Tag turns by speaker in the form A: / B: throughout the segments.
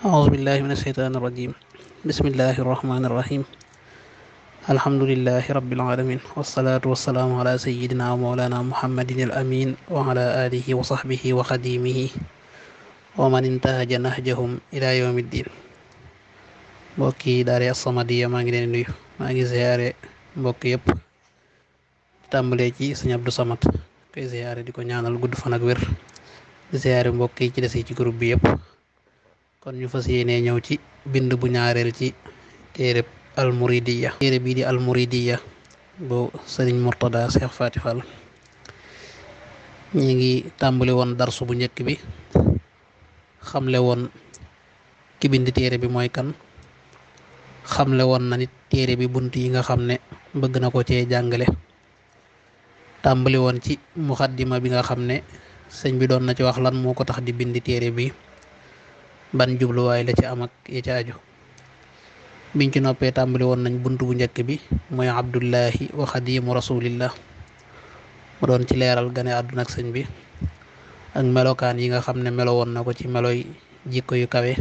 A: أعوذ بالله من الشيطان الرجيم بسم الله الرحمن الرحيم الحمد لله رب العالمين والصلاة والسلام على سيدنا ومولانا محمد الأمين وعلى آله وصحبه وخديمه ومن انتهج نهجهم إلى يوم الدين mbokki daare As-Samadiyya maa ngi leen nuyu maa ngi ziyaare mbokk yëpp tàmbalee ci sëñ Abdou Samad koy ziyaare di ko ñaanal gudd fan ak wér di ziyaare mbokk yi ci des yi ci groupe bi yëpp kon ñu fas yéenee ñëw ci bind bu ñaareel ci téereb almuridiya téere bii di almuridiya bu sëriñ murtada seex faati fall ngi tàmbali woon darsu bu njëkk bi xamle woon ki bind téere bi mooy kan xamle woon na nit téere bi bunt yi nga xam ne bëgg na ko cee jàngale tàmbali woon ci muxaddima bi nga xam ne sëñ bi doon na ci wax lan moo ko tax di bind téere bi ban jubluwaay la ci am ak ya aju biñ ci noppee tàmbali woon nañ bunt bu njëkk bi mooy abdullahi wa xadimu rasulillah mu doon ci leeral gane àdduna ak sëñ bi ak melokaan yi nga xam ne melo woon na ko ci meloy jikko yu kawe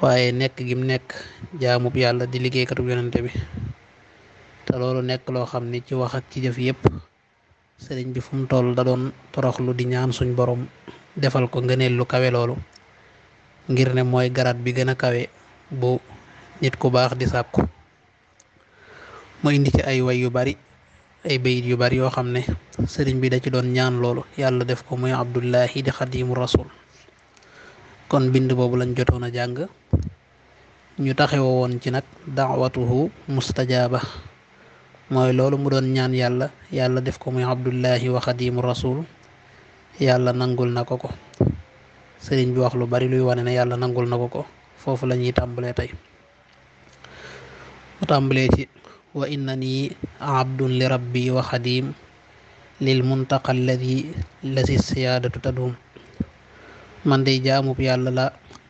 A: waaye nekk gim nekk jaamub yàlla di liggéeykatub yonente bi te loolu nekk loo xam ne ci wax ci jëf yépp sëriñ bi fu mu toll da doon toroxlu di ñaan suñ borom defal ko ngëneel lu kawe loolu ngir ne mooy garaat bi gën a kawe bu nit ku baax di sàkku mu indi ci ay way yu bari ay bayit yu bari yoo xam ne sëriñ bi da ci doon ñaan loolu yàlla def ko muy abdullahi di xadimu rasul kon bind boobu lañ jotoon a jàng ñu taxewa woon ci nag daawatuhu mustajaaba mooy loolu mu doon ñaan yàlla yàlla def ko muy abdullahi wa xadimu rasul yàlla nangul na ko ko sëriñ bi wax lu bari luy wane na yàlla nangul na ko ko foofu la ñuy tàmbalee tey mu tàmbalee ci wa innani abdun li rabbi wa xadim lil muntaqa alladi lasi siyaadatu tadum man day jaamub yàlla la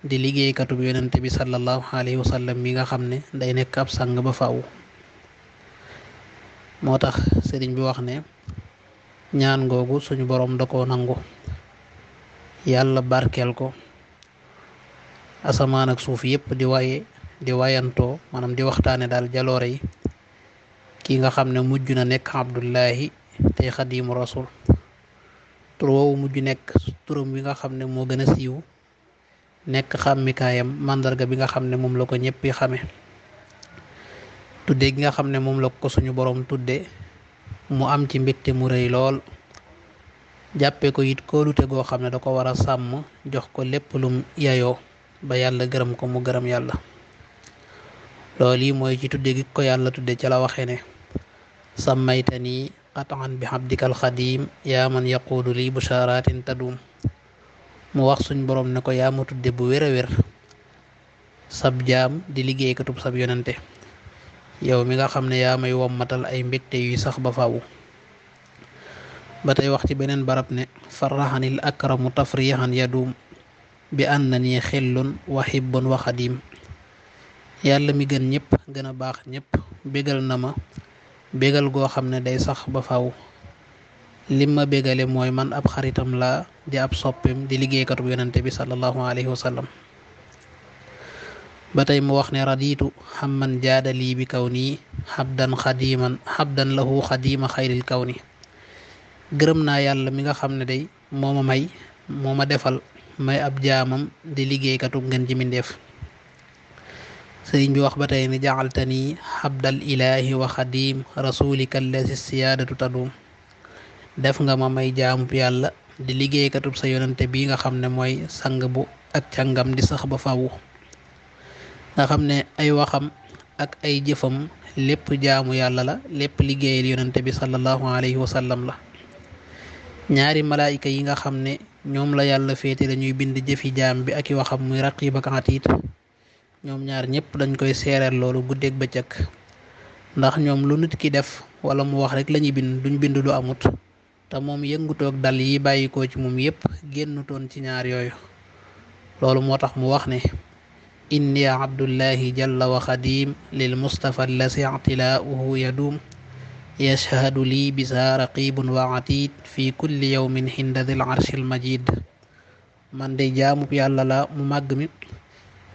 A: di liggéeykatub yonente bi sallallahu alayhi wa sallam nga xam ne day nekk ab sàng ba faw moo tax sëriñ bi wax ne ñaan googu suñu boroom da koo nangu yàlla barkeel ko asamaan ak suuf yépp di waaye di wayantoo manam di waxtaane daal jaloore yi ki nga xam ne mujj na nekk Abdullahi tey xadimu rasul tur woowu mujj nekk turam bi nga xam ne moo gën a siiw nekk xàmmikaayam màndarga bi nga xam ne moom la ko ñëpp xame tudde ki nga xam ne moom la ko suñu boroom tudde mu am ci mbégte mu rëy lool jàppee ko it kóolute goo xam ne da ko war a sàmm jox ko lépp lum yayoo ba yàlla gërëm ko mu gërëm yàlla loolu yi mooy ci tudde gi ko yàlla tudde ca la waxee ne sàmmaytani qataan bi xabdikal xadim yaa man yaquulu lii bushaaraatin tadum mu wax suñ boroom ne ko yaama tudde bu wér a wér sab jaam di liggéeykatub sab yonente yow mi nga xam ne yaa may wommatal ay mbégte yuy sax ba fawu ba tey wax ci beneen barab ne faraxanil akramu tafrixan yaduum bi ànd na nii xellun wa xibbun yàlla mi gën ñëpp gën a baax ñépp bégal na ma bégal goo xam ne day sax ba faw lim ma bégale mooy man ab xaritam la di ab soppim di liggéeykatu bu bi sallallahu alayhi wa sallam ba tey mu wax ne raditu xamman jaadalii bi kaw ni xabdan xadiman xabdan lahu xadima kaw ni gërëm naa yàlla mi nga xam ne day moo ma may moo ma defal may ab jaamam di liggéeykatu ngeen ji mindeef sëriñ bi wax ba tey ne jaxaltani xabdal ilaahi wa xadim rasulika allasi siyaadatu tadum def nga ma may jaamub yàlla di liggéeykatu sa yonante bi nga xam ne mooy sang bu ak càngam di sax ba faw nga xam ne ay waxam ak ay jëfam lépp jaamu yàlla la lépp liggéeyal yonante bi sallallahu alayhi wa la ñaari malaayika yi nga xam ne ñoom la yàlla féete lañuy bind jëfi jaam bi ak yi waxam muy raqiib ak atiit ñoom ñaar ñëpp dañ koy seereel loolu guddeeg bëccëg ndax ñoom lu nit ki def wala mu wax rek lañuy bind duñ bind lu amut te moom yëngutook dal yi bàyyikoo ci moom yépp génnutoon ci ñaar yooyu loolu moo tax mu wax ne inni abdullahi jalla wa xadiim lil mustafa lasi atilaauhu yaduum yashhadu lii bisaa raqibun wa atid fi kulli yawmin hinda dil arshil majid man de jaamub yàlla la mu màgg mi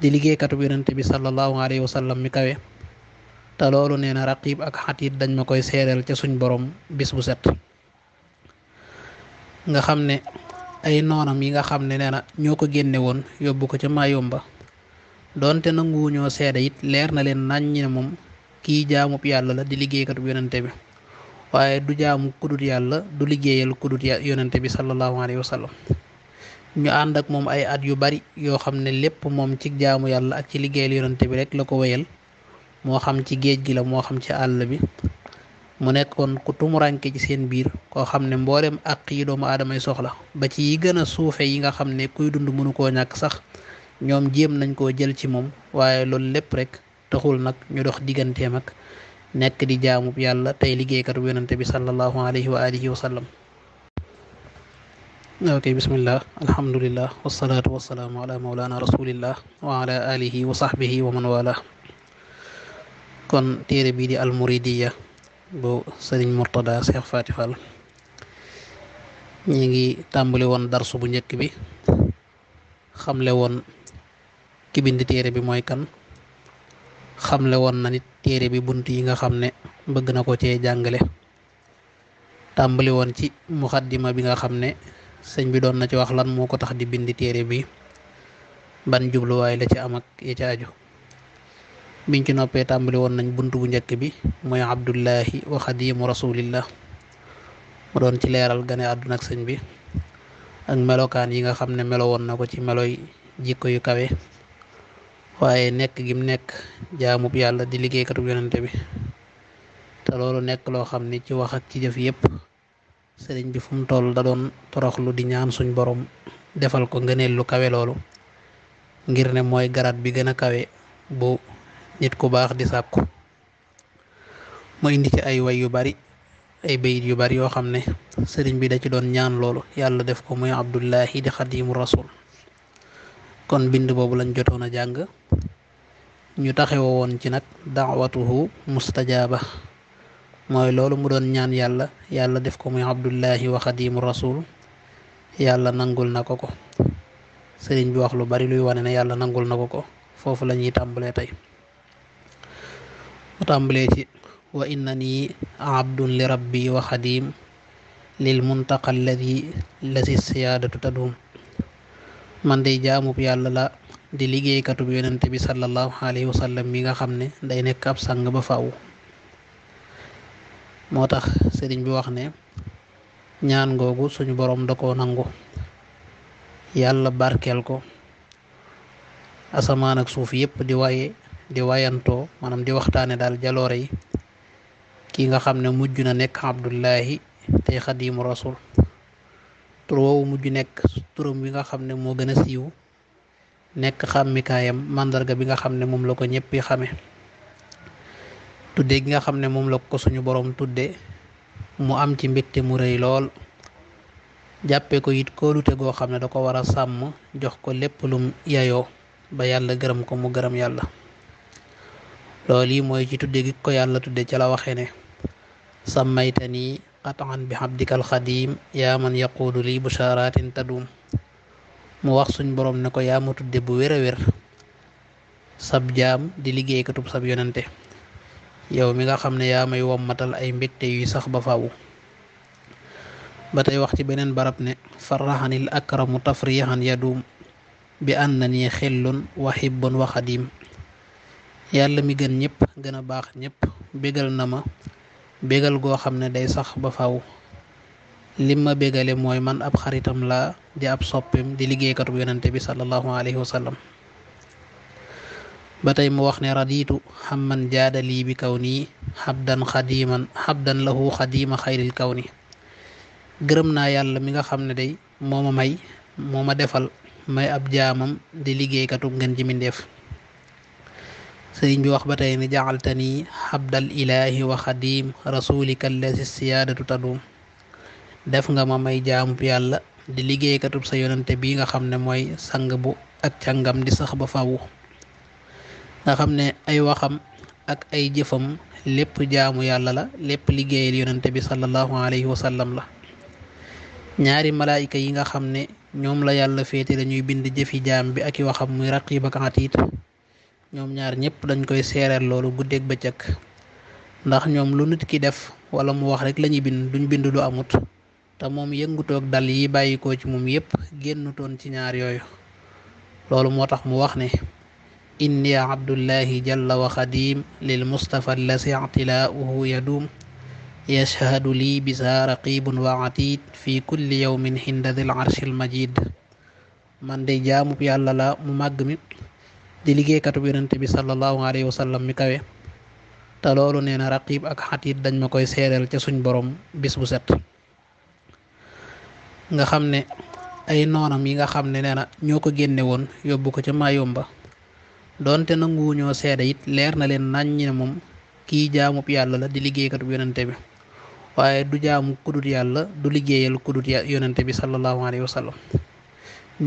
A: di liggéeykatub yonente bi sallallahu alayhi wa mi kawe te loolu nee na raqib ak xatiit dañ ma koy seedeel ca suñ boroom bis bu set nga xam ne ay noonam yi nga xam ne nee ñoo ko génnewoon yóbbu ko ca maayomba doonte nanguwuñoo seede it leer na leen nañ ne moom kii jaamub yàlla la di liggéeykatub yonente bi waaye du jaamu kudut yàlla du liggéeyal kudut yonente bi sallallahu alayhi wa sallam ñu ànd ak moom ay at yu bari yoo xam ne lépp moom ci jaamu yàlla ak ci liggéeyal yonente bi rek la ko wéyal moo xam ci géej gi la moo xam ci àll bi mu nekkoon ku tumuraanke ci seen biir koo xam ne mboolem àq yi doomu aadamay soxla ba ci yi gën a suufe yi nga xam ne kuy dund mënu koo ñàkk sax ñoom jéem nañ koo jël ci moom waaye loolu lépp rek taxul nag ñu dox digganteem nekk di jaamub yàlla tey liggéeykatu yonante bi sallallahu alayhi wa alihi wa sallam ok bismillah alhamdulillah wasalaatu wasalaamu ala maulana rasulillah wa ala wa sahbihi wa man wala kon téere bii di almuridiya bu sëriñ murtada cheikh faty fall ngi tàmbali woon darsu bu njëkk bi xamle woon ki bind bi mooy kan xamle woon na nit téere bi bunt yi nga xam ne bëgg na ko cee jàngale tàmbali woon ci muxaddima bi nga xam ne sëñ bi doon na ci wax lan moo ko tax di bind téere bi ban jubluwaay la ci amak ak ya ci aju biñ ci noppee tàmbali woon nañ bunt bu njëkk bi mooy abdullahi wa xadimu rasulillah mu doon ci leeral gane àdduna ak sëñ bi ak melokaan yi nga xam ne melo woon na ko ci meloy jikko yu kawe waaye nekk gim nekk jaamub yàlla di liggéeykatu yonante bi te loolu nekk loo xam ni ci wax ak ci jëf yépp sëriñ bi fu mu toll da doon toroxlu di ñaan suñ boroom defal ko ngëneel lu kawe loolu ngir ne mooy garaat bi gën a kawe bu nit ku baax di sàkku mu indi ci ay way yu bari ay bayit yu bari yoo xam ne sëriñ bi da ci doon ñaan loolu yàlla def ko muy abdullahi di xadimu rasul kon bind boobu lañ jotoon a jàng ñu taxewa woon ci nag daawatuhu mustajaaba mooy loolu mu doon ñaan yàlla yàlla def ko muy abdullahi wa xadimu rasul yàlla nangul na ko ko sëriñ bi wax lu bari luy wane na yàlla nangul na ko ko foofu la ñuy tàmbalee tey mu tàmbalee ci wa innani abdun li rabbi wa xadim lil muntaqa alladi lasi siyaadatu tadum man dey jaamub yàlla la di liggéeykatub yonent bi sallallahu alayhi wa sallam mi nga xam ne day nekk ab sang ba faw moo tax sëriñ bi wax ne ñaan googu suñu boroom da koo nangu yàlla barkeel ko asamaan ak suuf yépp di waaye di wayantoo maanaam di waxtaane daal jaloore yi ki nga xam ne mujj na nekk abdullahi tey xadimu rasul tur woowu mujj nekk turam wi nga xam ne moo gën a siiw nekk xàmmikaayam màndarga bi nga xam ne moom la ko ñëpp xame tudde gi nga xam ne moom la ko suñu boroom tudde mu am ci mbégte mu réy lool jàppee ko it kóolute goo xam ne da ko war a sàmm jox ko lépp lum yayoo ba yàlla gërëm ko mu gërëm yàlla loolu yi mooy ci tudde gi ko yàlla tudde ca la waxee ne sàmmaytani qataan bi abdika alxadim yaa man yaquulu lii bushaaraatin tadum mu wax suñ boroom ne ko yaa ma tudde bu wér a sab jaam di liggéeykatub sab yonente yow mi nga xam ne yaa may wommatal ay mbégte yuy sax ba faw ba tey wax ci beneen barab ne farraxanil akramu tafrixan yadum bi ànd na ni xellun wa xibbun wa yàlla mi gën ñëpp gën baax ñépp bégal na ma bégal goo xam ne day sax ba faw lim ma bégale mooy man ab xaritam la di ab soppem di liggéeykatub yonente bi sallallahu alayhi wa sallam ba tey mu wax ne raditu xamman jaada lii bi kaw nii xabdan xadiman xabdan lahu xadima xayril kaw ni gërëm naa yàlla mi nga xam ne day moo ma may moo ma defal may ab jaamam di liggéeykatu ngeen ji sëriñ bi wax ba tey ni jaaltani xabdal ilaahi wa xadim rasulika allasi siyaadatu tadum def nga ma may jaamub yàlla di liggéeykatub sa yonante bi nga xam ne mooy sang bu ak càngam di sax ba faw nga xam ne ay waxam ak ay jëfam lépp jaamu yàlla la lépp liggéeyal yonante bi sallallahu alayhi wa sallam la ñaari malaayika yi nga xam ne ñoom la yàlla féete lañuy bind jëfi jaam bi ak i waxam muy raqib ak atiit ñoom ñaar ñëpp dañ koy seereel loolu guddeeg bëccëg ndax ñoom lu nit ki def wala mu wax rek lañuy bind duñ bind lu amut te moom yëngutoog dal yi bàyyikoo ci moom yépp génnutoon ci ñaar yooyu loolu moo tax mu wax ne inni abdullahi jalla wa xadim lil mustafa allasi atilaauhu yaduum yashhadu lii bisaa raqibun wa atid fi kulli yawmin hinda dil arshil majid man de jaamub yàlla la mu màgg mi di liggéeykatub yonente bi sallallahu alayhi wa sallam mi kawe te loolu nee na raqib ak xatiit dañ ma koy seereel ca suñ boroom bis bu set nga xam ne ay noonam yi nga xam ne nee na ñoo ko génne woon yóbbu ko ca ba donte nanguwuñoo seede it leer na leen naññ ne moom kii jaamu yàlla la di liggéeykatu yonente bi waaye du jaamu kudut yàlla du liggéeyal kudut yonente bi sallallahu alayhi wa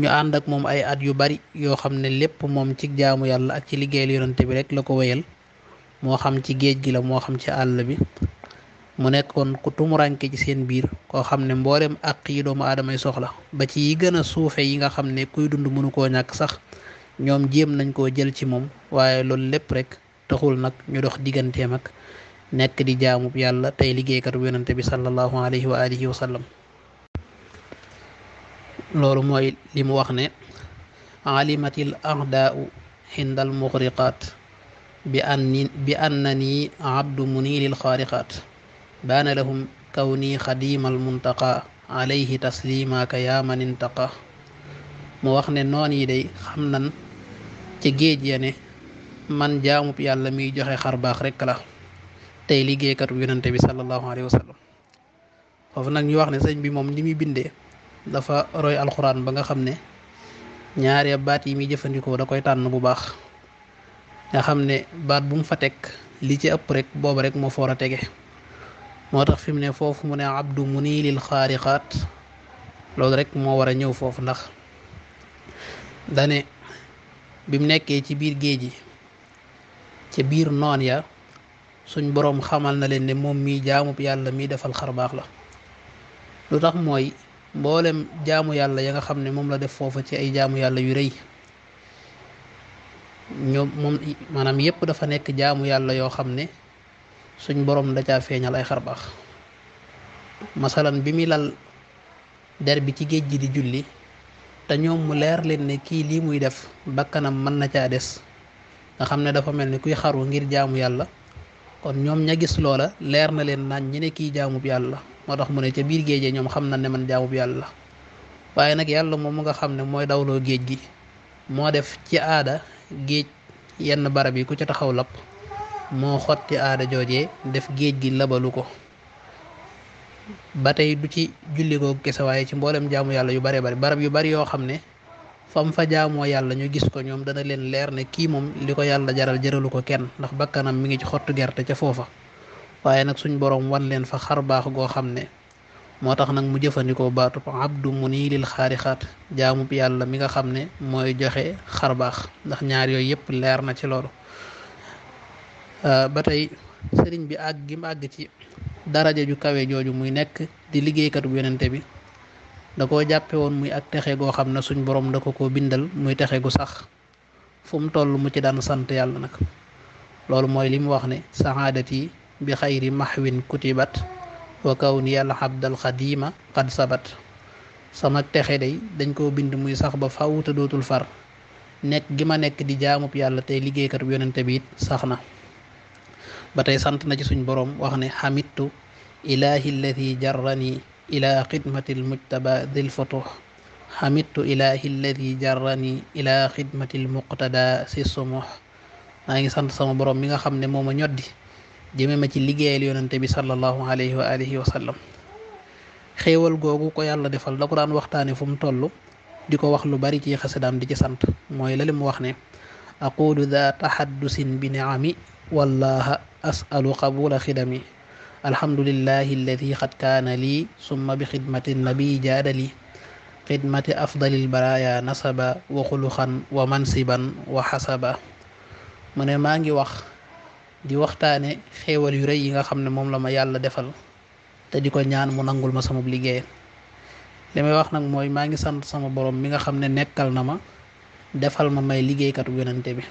A: ñu ànd ak moom ay at yu bari yoo xam ne lépp moom ci jaamu yàlla ak ci liggéeyal yonante bi rek la ko wéyal moo xam ci géej gi la moo xam ci àll bi mu nekkoon ku tumuraanke ci seen biir koo xam ne mboolem àq yi doomu aadamay soxla ba ci yi gën a suufe yi nga xam ne kuy dund mënu koo ñàkk sax ñoom jéem nañ koo jël ci moom waaye loolu lépp rek taxul nag ñu dox digganteem ak nekk di jaamub yàlla tey liggéeykatu yonante bi sallallahu alayhi wa alihi sallam loolu mooy li mu wax ne alimatil a'daa'u xindal muxriqaat bi anni bi annani abdu munilil xaariqaat baana lahum kawni xadiimal muntaqa alayhi taslimaaka yaa man intaqa mu wax ne noon yi day xam nan ci géej ya man jaamub yàlla miy joxe xar baax rekk la tey liggéeykatu yonante bi sallallahu alayhi wa sallam nag ñu wax ne sëñ bi moom li muy bindee dafa roy alxuraan ba nga xam ne ñaaree baat yi muy jëfandikoo da koy tànn bu baax nga xam ne baat bu mu fa teg li ci ëpp rek booba rek moo foor a tege moo tax fi mu ne foofu mu ne abdu mu nii lil loolu rek moo war a ñëw foofu ndax dane bi mu nekkee ci biir géej gi ca biir noon ya suñ boroom xamal na leen ne moom mii jaamub yàlla mii defal xar baax la lu tax mooy mboolem jaamu yàlla ya nga xam ne moom la def foofa ci ay jaamu yàlla yu rëy ñoom moom maanaam yépp dafa nekk jaamu yàlla yoo xam ne suñ borom da caa feeñal ay xar baax masalan bi muy lal der bi ci géej gi di julli te ñoom mu leer leen ne kii lii muy def bakkanam mën na caa des nga xam ne dafa mel ni kuy xaru ngir jaamu yàlla kon ñoom ña gis loola leer na leen naan ñi ne kii jaamub yàlla moo tax mu ne ca biir géejee ñoom xam na ne man jaamub yàlla la waaye nag yàlla moom mu nga xam ne mooy dawloo géej gi moo def ci aada géej yenn barab yi ku ca taxaw lapp moo xotti aada joojee def géej gi labalu ko ba tey du ci julli googu kese waaye ci mboolem jaamu yàlla yu bare bari barab yu bari yoo xam ne fam fa jaamoo yàlla ñu gis ko ñoom dana leen leer ne kii moom li ko yàlla jaral jëralu ko kenn ndax bakkanam mi ngi ci xottu gerte ca foofa waaye nag suñ boroom wan leen fa xar baax goo xam ne moo tax nag mu jëfandikoo baatub abdu mu nii lil xaarixaat jaamub yàlla mi nga xam ne mooy joxe xar baax ndax ñaar yooyu yëpp leer na ci loolu euh, ba tey sëriñ bi àgg gi àgg ci daraja ju kawe jooju muy nekk di liggéeykatu bu yonente bi da koo jàppe woon muy ak texe goo xam ne suñ boroom da ko ko bindal muy texe gu sax fu mu toll mu ci daan sant yàlla nag loolu mooy li wax ne saxaadat yi bi xayri maxwin kutibat wa kaw ni yàlla xabdal xadiima xad sabat sama texe day dañ ko bind muy sax ba faw te dootul far nekk gi ma nekk di jaamub yàlla tey liggéeykatub yonente bi it sax na ba tey sant na ci suñ boroom wax ne xamittu ilaahi alladi xidmati almujtaba si sumuh maa ngi sant sama boroom mi nga xam ne moo ma ñoddi jëme ma ci liggéeyal yonante bi sallallahu alayhi wa alihi wa sallam googu ko yàlla defal da ko daan waxtaane fu mu toll di ko wax lu bari ci xasidaam di ci sant mooy lali mu wax ne aqulu da tahaddusin bi niami wallaha asalu qabula xidami alhamdulillahi alladi xad kaana lii summa bi xidmati nabi jaadali xidmati afdalil baraya nasaba wa xuluxan wa mansiban wa xasaba mu ne maa wax di waxtaane xéewal yu rëy yi nga xam ne moom la ma yàlla defal te di ko ñaan mu nangul ma sama liggéey li may wax nag mooy maa ngi sant sama boroom mi nga xam ne nekkal na ma defal ma may liggéeykatu wenante bi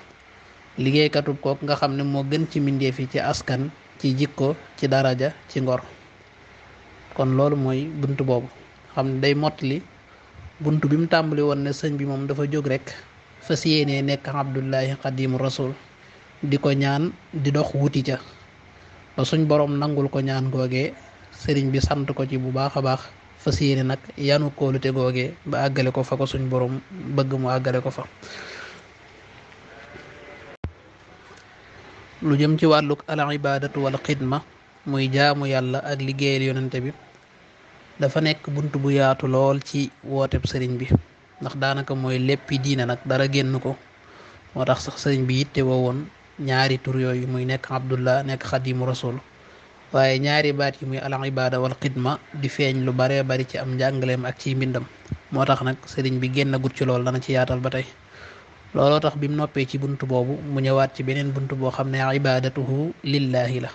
A: liggéeykatu kook nga xam ne moo gën ci mbindeef yi ci askan ci jikko ci daraja ci ngor kon loolu mooy bunt boobu xam ne day mottali bunt bi mu tàmbali woon ne sëñ bi moom dafa jóg rek fas yéenee nekk Abdullahi Xadimu Rasul di ko ñaan di dox wuti ca ba suñ boroom nangul ko ñaan googe sëriñ bi sant ko ci bu baax a baax fa yéene nag yanu kóolute googee ba àggale ko fa ko suñ borom bëgg mu àggale ko fa lu jëm ci wàlluk al ibadatu wal xidma muy jaamu yàlla ak liggéeyal yonente bi dafa nekk bunt bu yaatu lool ci wooteb sëriñ bi ndax daanaka mooy léppi diine nag dara génn ko moo tax sax sëriñ bi yitte woo woon ñaari tur yooyu muy nekk abdullah nekk xadimu rasul waaye ñaari baat yi muy al ibada wal di feeñ lu baree bari ci am njàngaleem ak ciy mbindam moo tax nag sëriñ bi génn ci loolu dana ci yaatal ba tey looloo tax bi mu noppee ci bunt boobu mu ñëwaat ci beneen bunt boo xam ne ibadatuhu lillahi la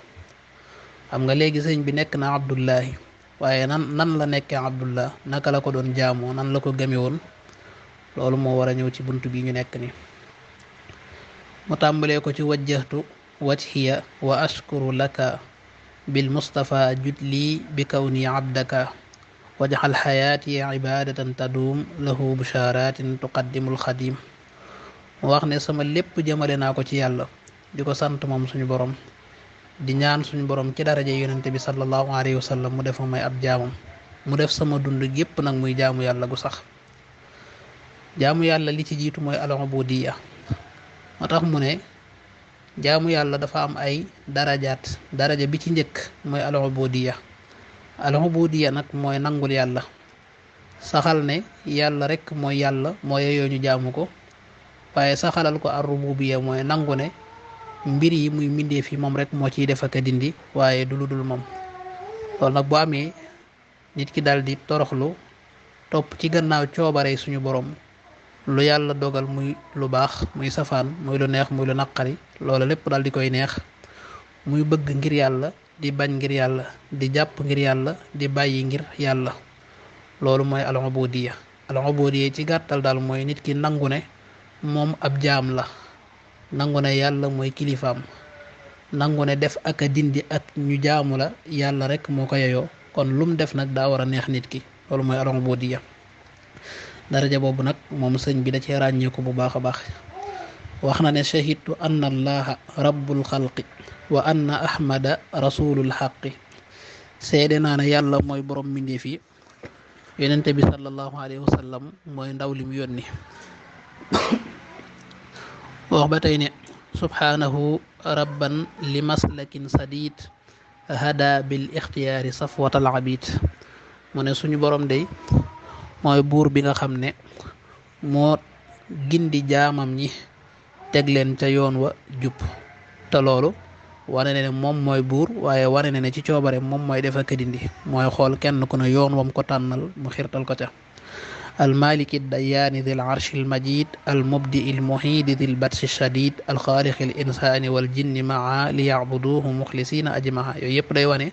A: xam nga léegi sëriñ bi nekk na abdullahi waaye nan nan la nekkee abdullah naka la ko doon jaamoo nan la ko gëme loolu moo war a ñëw ci bunt bi ñu nekk ni mu tàmbalee ko ci wajjahtu wajhiya wa ashkuru laka bil mustafa jut bi kawni abdaka wajxal xayaati ibadatan taduum lahu bushaaratin tuqaddimul xadim mu wax ne sama lépp jëmale naa ko ci yàlla di ko sant moom suñu borom di ñaan suñu borom ci daraja yonente bi sallallahu alayhi wa mu defa may ab jaamam mu def sama dund gépp nag muy jaamu yàlla gu sax jaamu yàlla li ci jiitu mooy al ubudiya moo tax mu ne jaamu yàlla dafa am ay darajaat daraja bi ci njëkk mooy boo al ubudiya al ubudiya nag mooy nangul yàlla saxal ne yàlla rek mooy yàlla mooy yeyoo ñu jaamu ko waaye saxalal ko ar rububiya mooy nangu ne mbir yi muy mbindee fi moom rek moo ciy def ak dindi waaye du lu dul moom loolu nag bu amee nit ki daal di toroxlu topp ci gannaaw coobare suñu borom lu yàlla dogal muy lu baax muy safaan muy lu neex muy lu naqari loola lépp daal di koy neex muy bëgg ngir yàlla di bañ ngir yàlla di jàpp ngir yàlla di bàyyi ngir yàlla loolu mooy al ubudiya al ubudiya ci gàttal daal mooy nit ki nangu ne moom ab jaam la nangu ne yàlla mooy kilifaam nangu ne def ak a dindi ak ñu jaamu la yàlla rek moo ko yeyoo kon lum def nag daa war a neex nit ki loolu mooy al ubudiya daraja boobu nag moom sëñ bi da cee ràññeeku bu baax a baax wax na ne shahidtu anna allaha rabbul xalqi wa anna ahmada rasulul xaqi seede naa ne yàlla mooy borom mbindeef yi yonente bi sallallahu alayhi mooy ndaw li mu yónni ba tey ne subhaanahu rabban li maslakin sadid hada bil ixtiyaari safwatal abid mu suñu borom day mooy buur bi nga xam ne moo gindi jaamam ñi teg leen ca yoon wa jup te loolu wane ne ne moom mooy buur waaye ware ne ne ci coobare moom mooy def ak mooy xool kenn ku ne yoon wam ko tànnal mu xirtal ko ca المالك الديان ذي العرش المجيد المبدئ المعيد ذي البطش الشديد الخالق الإنسان والجن معا ليعبدوه مخلصين أجمعا yooyu yëpp day wane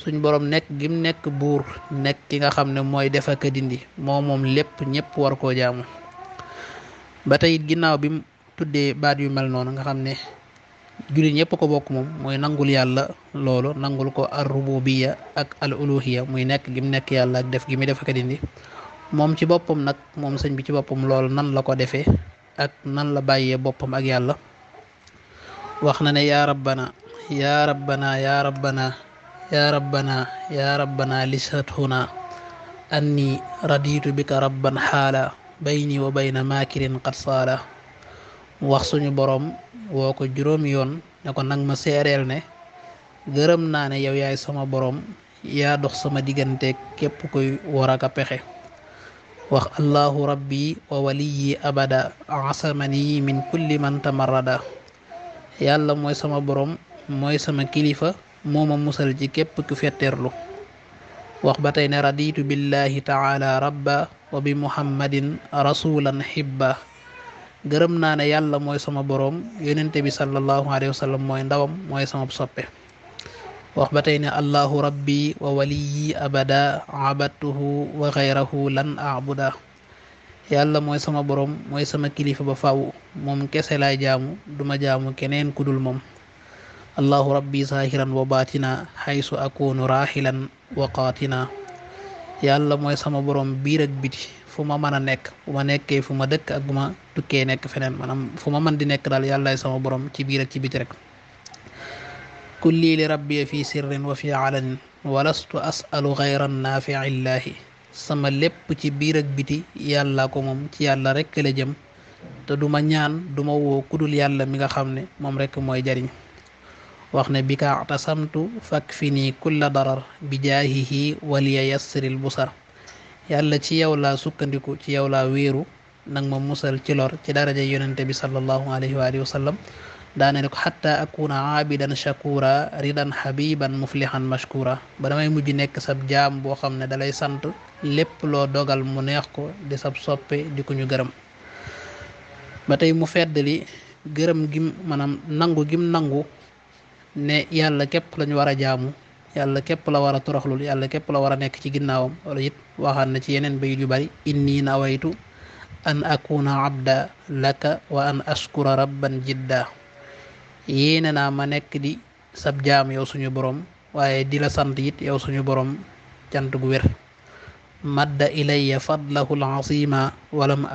A: suñ borom nekk gim nekk buur nekk ki nga xam ne mooy def ak dindi moo moom lépp ñëpp war koo jaamu ba tey ginnaaw bi mu tuddee baat yu mel noonu nga xam ne jullit ñëpp ko bokk moom mooy nangul yàlla loolu nangul ko ar rububiya ak al uluhiya muy nekk gim nekk yàlla ak def gi muy def dindi moom ci boppam nag moom sëñ bi ci boppam loolu nan la ko defee ak nan la bàyyee boppam ak yàlla wax na ne yaa rabbana yaa rabbana yaa rabbana yaa rabbana lisat huna anni raditu bika rabban xaala bayni wa bayna maakirin qad saala wax suñu boroom woo ko juróomi yoon ne ko nag ma seereel ne gërëm naa ne yow yaay sama boroom yaa dox sama diggante képp koy war ak a pexe wax allahu rabbi wa waliyi abada asamani min kulli man tamarrada yàlla mooy sama borom mooy sama kilifa mooma musal ci képp ku fetteerlu wax ba tey ne raditu billahi taala rabba wa bi muhammadin rasulan xibba gërëm naa ne yàlla mooy sama boroom yonente bi alayhi wa sallam mooy ndawam mooy sama soppe wax ba tey ne allahu rabbi wa waliyi abada abadtuhu wa xayrahu lan abuda yàlla mooy sama boroom mooy sama kilifa ba faw moom kese laay jaamu duma jaamu keneen ku dul moom allahu rabbi zahiran wa baatina xaysu akunu raxilan wa yàlla mooy sama borom biir ak biti fu ma mën a nekk bu ma nekkee fu ma dëkk ak bu ma tukkee nekk feneen maanaam fu ma mën di nekk daal yàllaay sama borom ci biir ak ci biti rek kulli li rabbi fi sirrin wa fi alanin walastu asalu gayra naafiillahi sama lépp ci biir ak biti yàlla ko moom ci yàlla rek la jëm te duma ñaan duma woo kudul yàlla mi nga xam ne moom rek mooy jariñ wax ne bi kaa atasamtu fakk fi nii kulla darar bi jaahihi waliya yassiril busar yàlla ci yow laa sukkandiku ci yow laa wéeru nag ma musal ci lor ci daraja yonente bi sallallahu alayhi wa alihi wa sallam daane ko xatta akuna aabidan shakura ridan habiban muflihan mashkura ba damay mujj nekk sab jaam boo xam ne dalay sant lépp loo dogal mu neex ko di sab soppe di ko ñu gërëm ba tey mu feddali gërëm gim maanaam nangu gim nangu ne yàlla képp lañu war a jaamu yàlla képp la war a toroxlul yàlla képp la war a nekk ci ginnaawam wala it waxaan na ci yeneen bayit yu bari inni nawaytu an akuna abda laka wa an askura rabban jidda yéene naa ma nekk di sab jaam yow suñu boroom waaye di la sant it yow suñu boroom cant gu wér madda ilayya fadlahu alazima wala mu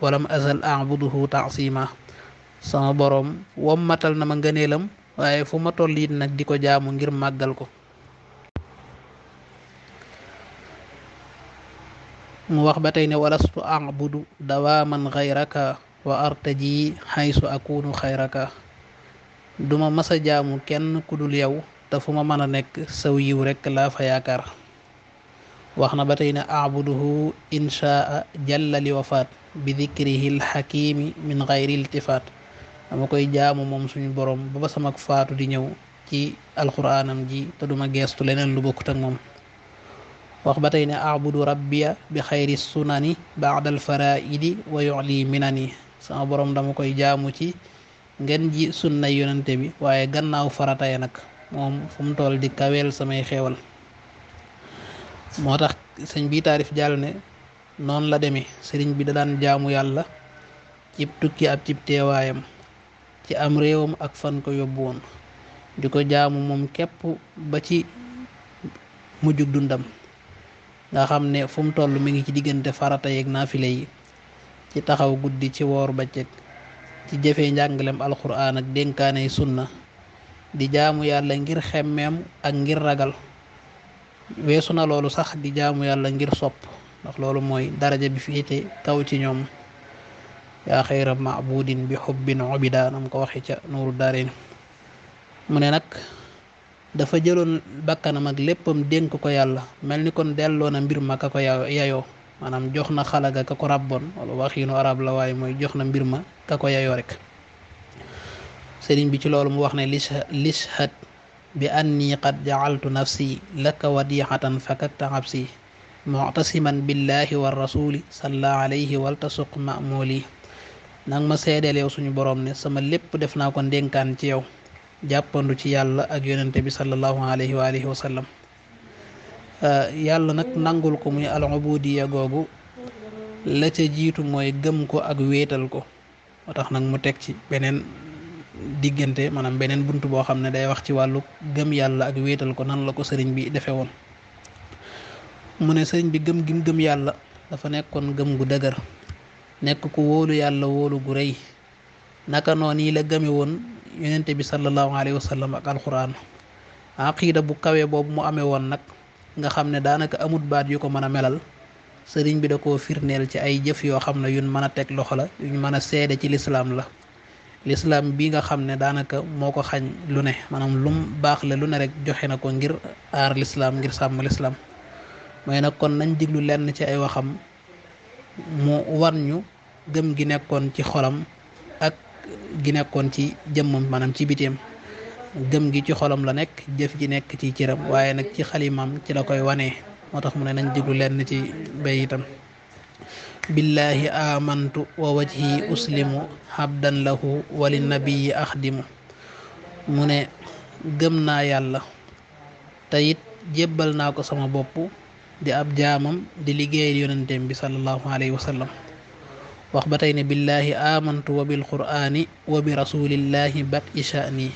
A: walam azal abuduhu taasima sama borom wommatal na ma ngëneelam waaye fu ma toll nag di ko jaamu ngir màggal ko mu wax ba tey ne walastu abudu dawaaman xayraka wa ji xaysu akunu xayraka duma masa jaamu kenn ku dul yow te fu ma mën a nekk saw yiw rekk laa fa yaakaar wax na ba tey ne abuduhu inchaa jalla li wafaat bi dikrihi lxakimi min xayri iltifaat dama koy jaamu moom suñu boroom ba ba sama faatu di ñëw ci alquraanam ji te duma geestu leneen lu bokkut ak moom wax ba tey ne abudu rabbiya bi xayri sunani baada alfaraidi wa yuli minani sama boroom dama koy jaamu ci ngen ji sunna yonente bi waaye gannaaw farataya nag moom fu mu toll di kaweel samay xeewal moo tax sëñ bi taarif jàll ne noonu la demee sëriñ bi da daan jaamu yàlla cib tukki ab cib teewaayam ci am réew réewam ak fan ko yóbbu woon di ko jaamu moom képp ba ci mujjug dundam nga xam ne fu mu toll mi ngi ci diggante farata yeeg naafile yi ci taxaw guddi ci woor bëccëg ci jëfee njàngalem alxuraan ak dénkaaney sunna di jaamu yàlla ngir xemmeem ak ngir ragal weesu na loolu sax di jaamu yàlla ngir sopp ndax loolu mooy daraja bi féete kaw ci ñoom yaa xayra maabudin bi xubbin ubida nam ko waxee ca nuuru daareeni mu ne nag dafa jëloon bakkanam lépp léppam dénk ko yàlla mel ni kon delloo na mbir ma ka ko yayoo maanaam jox na xalaga ka ko ràbboon wala waxiinu arab la waaye mooy jox na mbir ma ka ko yayoo rek sëriñ bi ci loolu mu wax lishad bi anni qad jacaltu nafsi laka wadixatan fakakta absi muctasiman billahi wa rasuli salla alayhi waltasuq mamuli nang ma seedeel yow suñu boroom ne sama lépp def naa ko ndénkaan ci yow jàppandu ci yàlla ak yonente bi sallallahu alayhi wa alihi wa sallam euh, yàlla nag nangul ko muy bu di googu la ca jiitu mooy gëm ko ak wéetal ko moo tax nag mu teg ci beneen diggante maanaam beneen bunt boo xam ne day wax ci wàllu gëm yàlla ak wéetal ko nan la ko sëriñ bi defe woon mu ne sëriñ bi gëm gim gëm yàlla dafa nekkoon gëm gu dëgër nekk ko wóolu yàlla wóolu gu rëy naka noon yi la gëme woon yonente bi sallallahu alayhi wa sallam ak alquran aqiida bu kawee boobu mu amee woon nag nga xam ne daanaka amut baat yu ko mën a melal sëriñ bi da koo firndeel ci ay jëf yoo xam ne yuñ mën a teg loxo la yuñ mën a seede ci lislaam la lislaam bi nga xam ne daanaka moo ko xañ lu ne maanaam lum baax la lu ne rek joxe na ko ngir aar lislaam ngir sàmm lislaam mooy nag kon nañ diglu lenn ci ay waxam mu war ñu gëm gi nekkoon ci xolam ak gi nekkoon ci jëmmam maanaam ci biteem gëm gi ci xolam la nekk jëf ji nekk ci cëram waaye nag ci xalimaam ci la koy wane moo tax mu ne nañ déglu lenn ci bay itam billahi amantu wa wajhi uslimu habdan lahu wali nabiyi mu ne gëm naa yàlla te it jébbal naa ko sama bopp di ab jaamam di liggéeyal yonenteem bi sallallahu alayhi wa sallam ba tey ne billaahi amantu wa bil qur'aani wa bi rasulillahi bat i sha'ni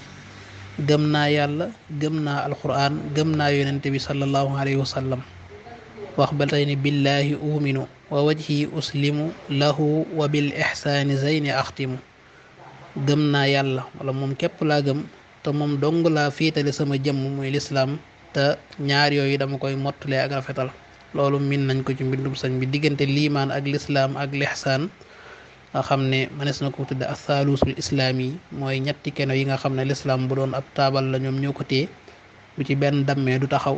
A: gëm naa yàlla gëm naa alqur'aan gëm naa bi sallallahu alayhi wa sallam billaahi uuminu wa wajhi uslimu lahu wa bil ihsaani zayni axtimu gëm naa yàlla wala moom képp laa gëm te moom dong laa fiitale sama jëmm muy lislaam te ñaar yooyu dama koy mottalee ak rafetal loolu min nañ ko ci mbindum sëñ bi diggante liimaan ak lislaam ak lixsaan nga xam ne mënees na ko tudde athaalusul islaam yi mooy ñetti keno yi nga xam ne lislaam bu doon ab taabal la ñoom ñoo ko téye bu ci benn dammee du taxaw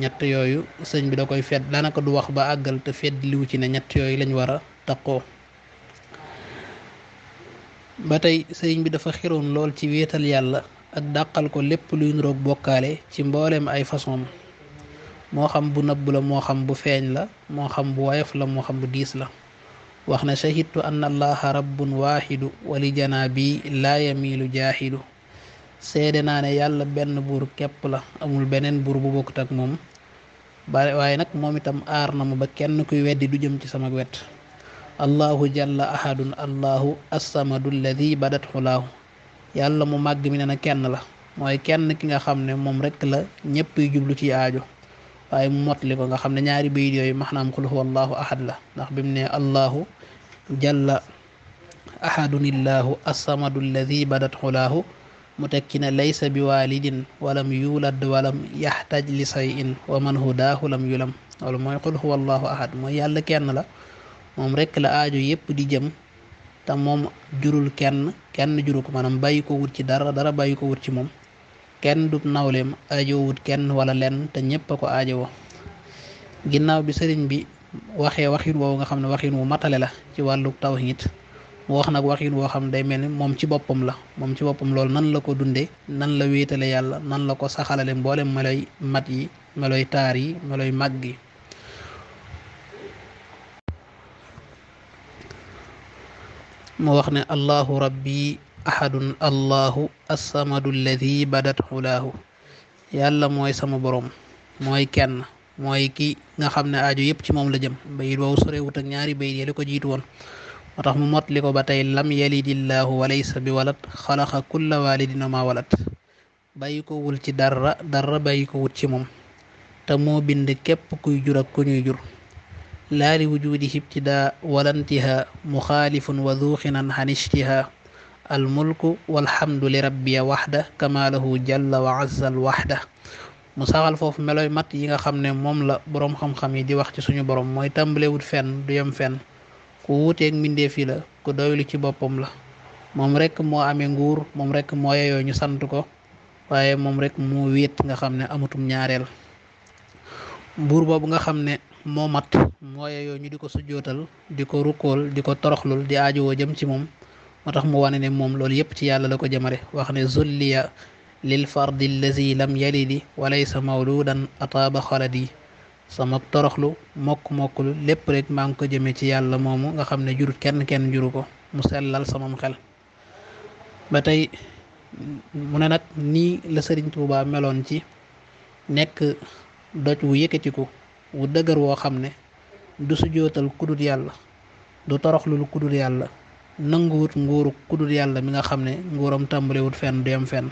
A: ñett yooyu sëñ bi da koy fedd daanaka du wax ba àggal te fedd liwu ci ne ñett yooyu lañ war a taqoo ba tey sëriñ bi dafa xeroon lool ci wéetal yàlla ak dàqal ko lépp luy niroog bokkaale ci mbooleem ay façon moo xam bu nëbb la moo xam bu feeñ la moo xam bu woyof la moo xam bu diis la wax na shahidtu anna allaha rabbun waahidu wali bi laa yamiilu jaahidu seede naa ne yàlla benn buur képp la amul beneen buur bu bokkut ak moom bare waaye nag moom itam aar na mu ba kenn kuy weddi du jëm ci sama wet allahu jalla ahadun allahu assamadu alladi badat xulaahu yàlla mu màgg mi ne na kenn la mooy kenn ki nga xam ne moom rek la ñëpp yu jublu ci aajo waaye mu motli ko nga xam ne ñaari bayit yooyu maanaam qul huwa allahu ahad la ndax bi mu ne allahu jalla ahadun illaahu assamadu alladi badat xulaahu mu teg ci ne laysa bi walidin mu yulad walam yaxtaj li sayin wa man hudaahu lam yulam loolu mooy qul huwa allahu ahad mooy yàlla kenn la moom rek la aajo yëpp di jëm te moom jurul kenn kenn juru ko maanaam bàyyi ko wut ci dara dara bàyyi ko wut ci moom kenn du nawleem aajo wut kenn wala lenn te ñépp a ko aajowoo ginnaaw bi sëriñ bi waxee waxin woowu nga xam ne waxiin wu matale la ci wàllu tawhiid mu wax nag waxin woo xam ne day mel ni moom ci boppam la moom ci boppam loolu nan la ko dundee nan la wéetale yàlla nan la ko saxalale mboolem meloy mat yi meloy taar yi meloy màgg yi mu wax ne allahu rabbi ahadun allahu assamadu alladi badat xulaahu yàlla mooy sama borom mooy kenn mooy ki nga xam ne aajo yëpp ci moom la jëm bayit woowu sorewut ak ñaari bayit yali ko jiitu woon tax mu mot li ko ba tey lam yalidillaahu walaysa bi walat xalaqa kulla walidin wa ma walat bàyyi ko wul ci dara dara bàyyi ko wut ci moom te moo bind képp kuy jur ak jur laa li wujudihi ibtidaa wala intihaa muxaalifun wa duuxinan xan ishtihaa almulku walhamdu li rabbiya waxda kamaalahu jalla wa azzal waxda mu saxal foofu meloy mat yi nga xam ne moom la boroom xam-xam yi di wax ci suñu boroom mooy tàmbalewut fen du yem fen ku wuuteeg mbindeef yi la ku doylu ci boppam la moom rekk moo amee nguur moom rek moo yeyoo ñu sant ko waaye moom rekk moo wéet nga xam ne amutum ñaareel buur boobu nga xam ne moo mat mooye yooyu di ko sujjootal di ko rukkool di ko toroxlul di aajowoo jëm ci moom moo tax mu wane ne moom loolu yépp ci yàlla la ko jëmale wax ne zulliya lil fardi allazi lam yalidi walaysa mawludan ataaba xaladi sama toroxlu mokk mokkul lépp rek maa ngi ko jëmee ci yàlla moomu nga xam ne jurut kenn kenn juru ko mu sellal samam xel ba tey mu ne nag nii la sëriñ tuuba meloon ci nekk doj wu yëkkatiku wu dëgër woo xam ne du sujootal kudut yàlla du toroxlu lu kudut yàlla nanguwut nguuru kudut yàlla mi nga xam ne nguuram tàmbalewut fenn du yem fenn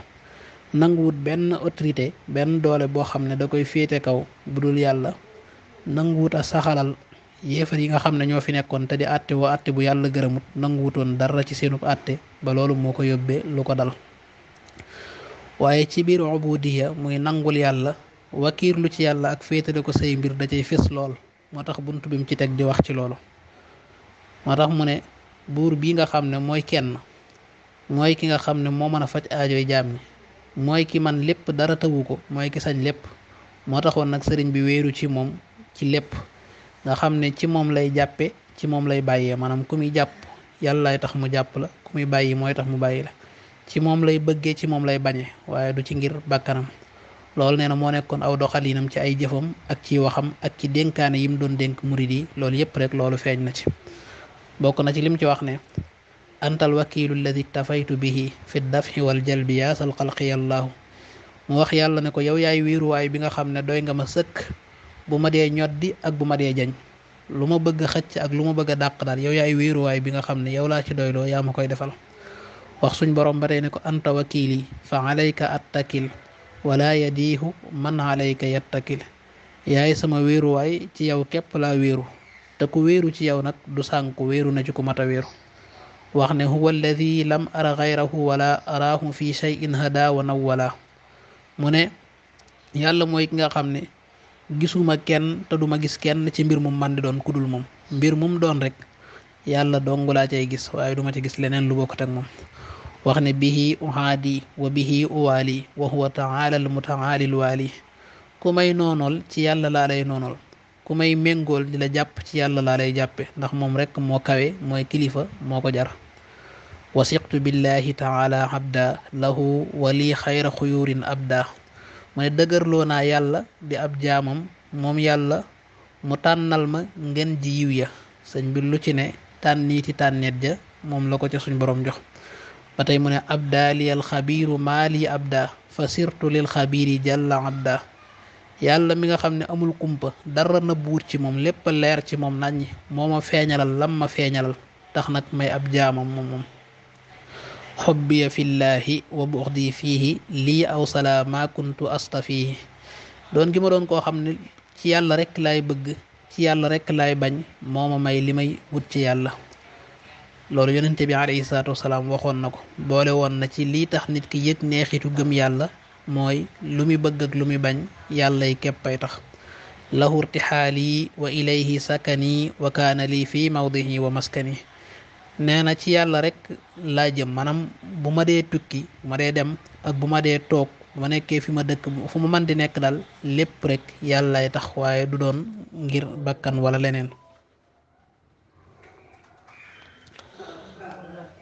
A: nanguwut benn autorité benn doole boo xam ne da koy féete kaw bu dul yàlla nanguwut a saxalal yéefar yi nga xam ne ñoo fi nekkoon te di àtte woo àtte bu yàlla gërëmut nanguwutoon dara ci seenu àtte ba loolu moo ko yóbbee lu ko dal waaye ci biir ubudiya muy nangul yàlla lu ci yàlla ak féetale ko say mbir da cay fés lool moo tax bunt bi mu ci teg di wax ci loolu moo tax mu ne buur bii nga xam ne mooy kenn mooy ki nga xam ne moo mën a faj aajoy jaam ñi mooy ki man lépp dara tawu ko mooy ki sañ lépp moo taxoon nag sëriñ bi wéeru ci moom ci lépp nga xam ne ci moom lay jàppe ci moom lay bàyyee maanaam ku muy jàpp yàllaay tax mu jàpp la ku muy bàyyi mooy tax mu bàyyi la ci moom lay bëggee ci moom lay bañe waaye du ci ngir bàkkanam loolu nee na moo nekkoon aw doxalinam ci ay jëfam ak ci waxam ak ci dénkaane yi mu doon dénk murid yi loolu yépp rek loolu feeñ na ci bokk na ci lim ci wax ne antal wakiilu alladi tafaytu bihi fi dafxi wal jalbi yaasal xalqi yallaahu mu wax yàlla ne ko yow yaay wiiruwaay bi nga xam ne doy nga ma sëkk bu ma dee ñoddi ak bu ma dee jañ lu ma bëgg a xëcc ak lu ma bëgg dàq daal yow yaay wiiruwaay bi nga xam ne yow laa ci doyloo yaa ma koy defal wax suñ borom ba tey ne ko anta wakiili fa alayka attakil wala yadiihu man alayka yattakil yaay sama wéeruwaay ci yow képp laa wéeru te ku wéeru ci yow nag du sànku wéeru na ci ku mat a wéeru wax ne huwa alladi lam ara gayrahu wala araahu fi cheyin hada wa wala mu ne yàlla mooy ki nga xam ne gisuma kenn te duma gis kenn ci mbir mum man di doon kudul moom mbir mum doon rek yàlla dong laa cay gis waaye duma ci gis leneen lu bokkut ak moom wax ne bihi uhaadi wa bihi uwaali wa huwa taala al waali ku may noonool ci yàlla laa lay noonool ku may méngool di la jàpp ci yàlla laa lay jàppe ndax moom rekk moo kawe mooy kilifa moo ko jar wasiqtu billahi taala abda lahu wali xayra xuyurin abda mu ne dëgërloo naa yàlla di ab jaamam moom yàlla mu tànnal ma ngeen ji yiw ya sëñ bi lu ci ne tànniiti tànneet ja moom la ko ca suñ boroom jox ba tey mu ne abdaali alxabiiru maali abda fa sirtu lil xabiiri jàlla abda yàlla mi nga xam ne amul kumpa dara na buur ci moom lépp leer ci moom naññi moo ma feeñalal lam ma feeñalal tax nag may ab jaamam moom moom xobbiya fillaahi wa buxdi fiihi lii aw salaa maa kuntu astafiihi doon gi ma doon koo xam ne ci yàlla rekk lay bëgg ci yàlla rekk lay bañ moo ma may li may wut ci yàlla loolu yonente bi alayhi salaatu salaam waxoon na ko boole woon na ci lii tax nit ki yëg neexitu gëm yàlla mooy lu muy bëgg ak lu muy bañ yàllay képpay tax lahu irtixaali wa ilayhi sakani wa kaana lii fii mawdihi wa maskani nee na ci yàlla rek laa jëm maanaam bu ma dee tukki bu ma dee dem ak bu ma dee toog bu ma nekkee fi ma dëkk fu ma man di nekk daal lépp rek yàllay tax waaye du doon ngir bàkkan wala leneen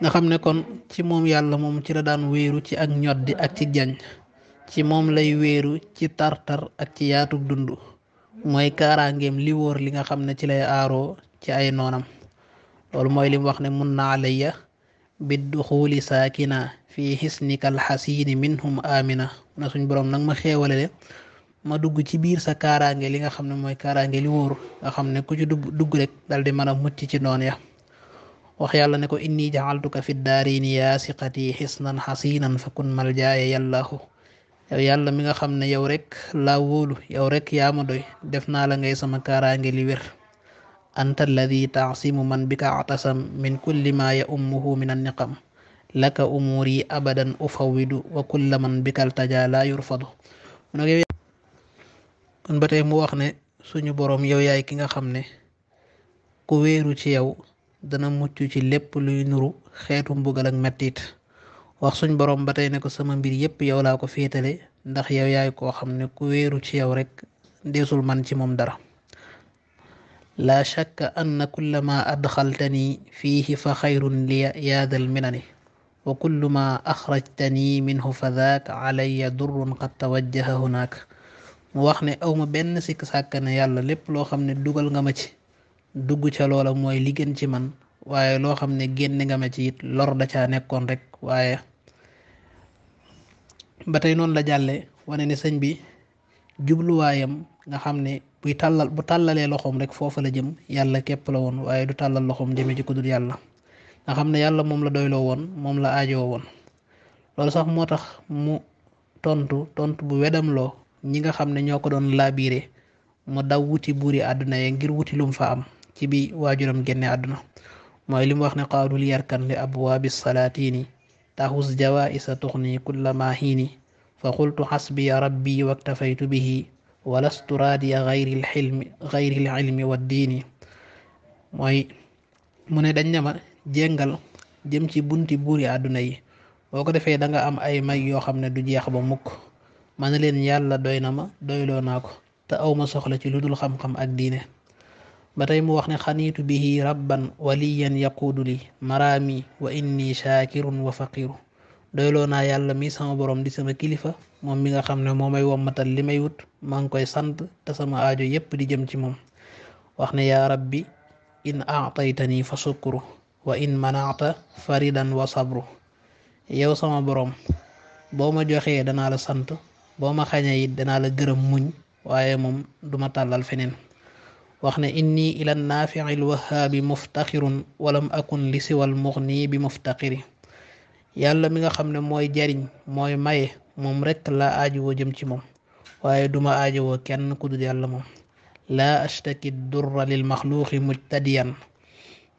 A: nga xam ne kon ci moom yàlla moom ci la daan wéeru ci ak ñoddi ak ci jañ ci moom lay wéeru ci tartar ak ci yaatug dund mooy kaaraangeem li woor li nga xam ne ci lay aaroo ci ay noonam loolu mooy lim wax ne mun na bit bi duxuli saakina fii xisnika alxasiini minhum amina na suñ borom nag ma xéewale le ma dugg ci biir sa kaaraange li nga xam ne mooy kaaraange li woor nga xam ne ku ci dugg dugg rek dal di mën a mucc ci noon ya wax yàlla ne ko inni ja'altuka fi daarini yaa siqati xisnan xasinan fa kun maljaaya yàllaahu yow yàlla mi nga xam ne yow rek la wóolu yow rek ya ma def na la nga sama kaaraange li wér anta alladi taasimu man bika atasam min kulli ma ya ummuhu min anniqam laka umuuri abadan ufawidu wa kulla man bikal taja laa yurfadu kon ba mu wax ne suñu boroom yow yaay ki nga xam ne ku wéeru ci yow dana mucc ci lépp luy nuru xeetu mbugal ak mettit wax suñ borom ba tey na ko sama mbir yépp yow laa ko féetale ndax yow yaay koo xam ne ku wéeru ci yow rek deesul man ci moom dara la shakka anna kulla ma adxaltani fiihi fa xayrun li yaadal minani wa kullu ma axrajtani minhu fa daak alayya durrun qad tawajjaha hunaak mu wax ne awma benn sikk sàkk ne yàlla lépp loo xam ne dugal nga ma ci dugg ca loola mooy liggéen ci man waaye loo xam ne génn nga ma ci it lor da caa nekkoon rek waaye ba tey noonu la jàlle wane ne sëñ bi jubluwaayam nga xam ne buy tàllal bu tàllalee loxoom rek foofa la jëm yàlla képp la woon waaye du tàllal loxoom jëmee ci ku dul yàlla nga xam ne yàlla moom la doyloo woon moom la aajoo woon loolu sax moo tax mu tontu tontu bu wedam loo ñi nga xam ne ñoo ko doon laabiire mu daw wuti buur buuri àdduna yi ngir wuti lum fa am ci bi waajuram génne àdduna mooy li mu wax ne qaalul yarkan li abwaabi salaatini taxus jawaisa tuxni kulla maahiini fa qultu xasbiya rabbi waktafaytu bihi walastu raadiya gayri lxilmi gayri lilmi waddiini mooy mu ne dañ ne ma jëm ci bunti buuri àdduna yi boo ko defee da nga am ay may yoo xam ne du jeex ba mukk ma ne leen yàlla doy na ma doyloo naa ko te awma soxla ci lu dul xam ak diine ba tey mu wax ne xaniitu bihi rabban waliyan yaquudu li maraami wa inni shaakirun wa faqiru doyloo naa yàlla mi sama borom di sama kilifa moom mi nga xam ne moo may wommatal li may wut maa ngi koy sant te sama ajo yépp di jëm ci moom wax ne yaa rabbi in aataytani fa sukru wa in manaata faridan wa sabru yow sama boroom boo ma joxee danaa la sant boo ma xañee it danaa la gërëm muñ waaye moom duma tàllal feneen wax ne inni ila naafici alwahaabi muftaxirun walam akon li siwal muxni bi muftaxiri yàlla mi nga xam ne mooy jariñ mooy maye moom rekk laa aajowoo jëm ci moom waaye duma aajowoo kenn ku dul yàlla moom laa ashtaki durra lil maxluuqi mujtadiyan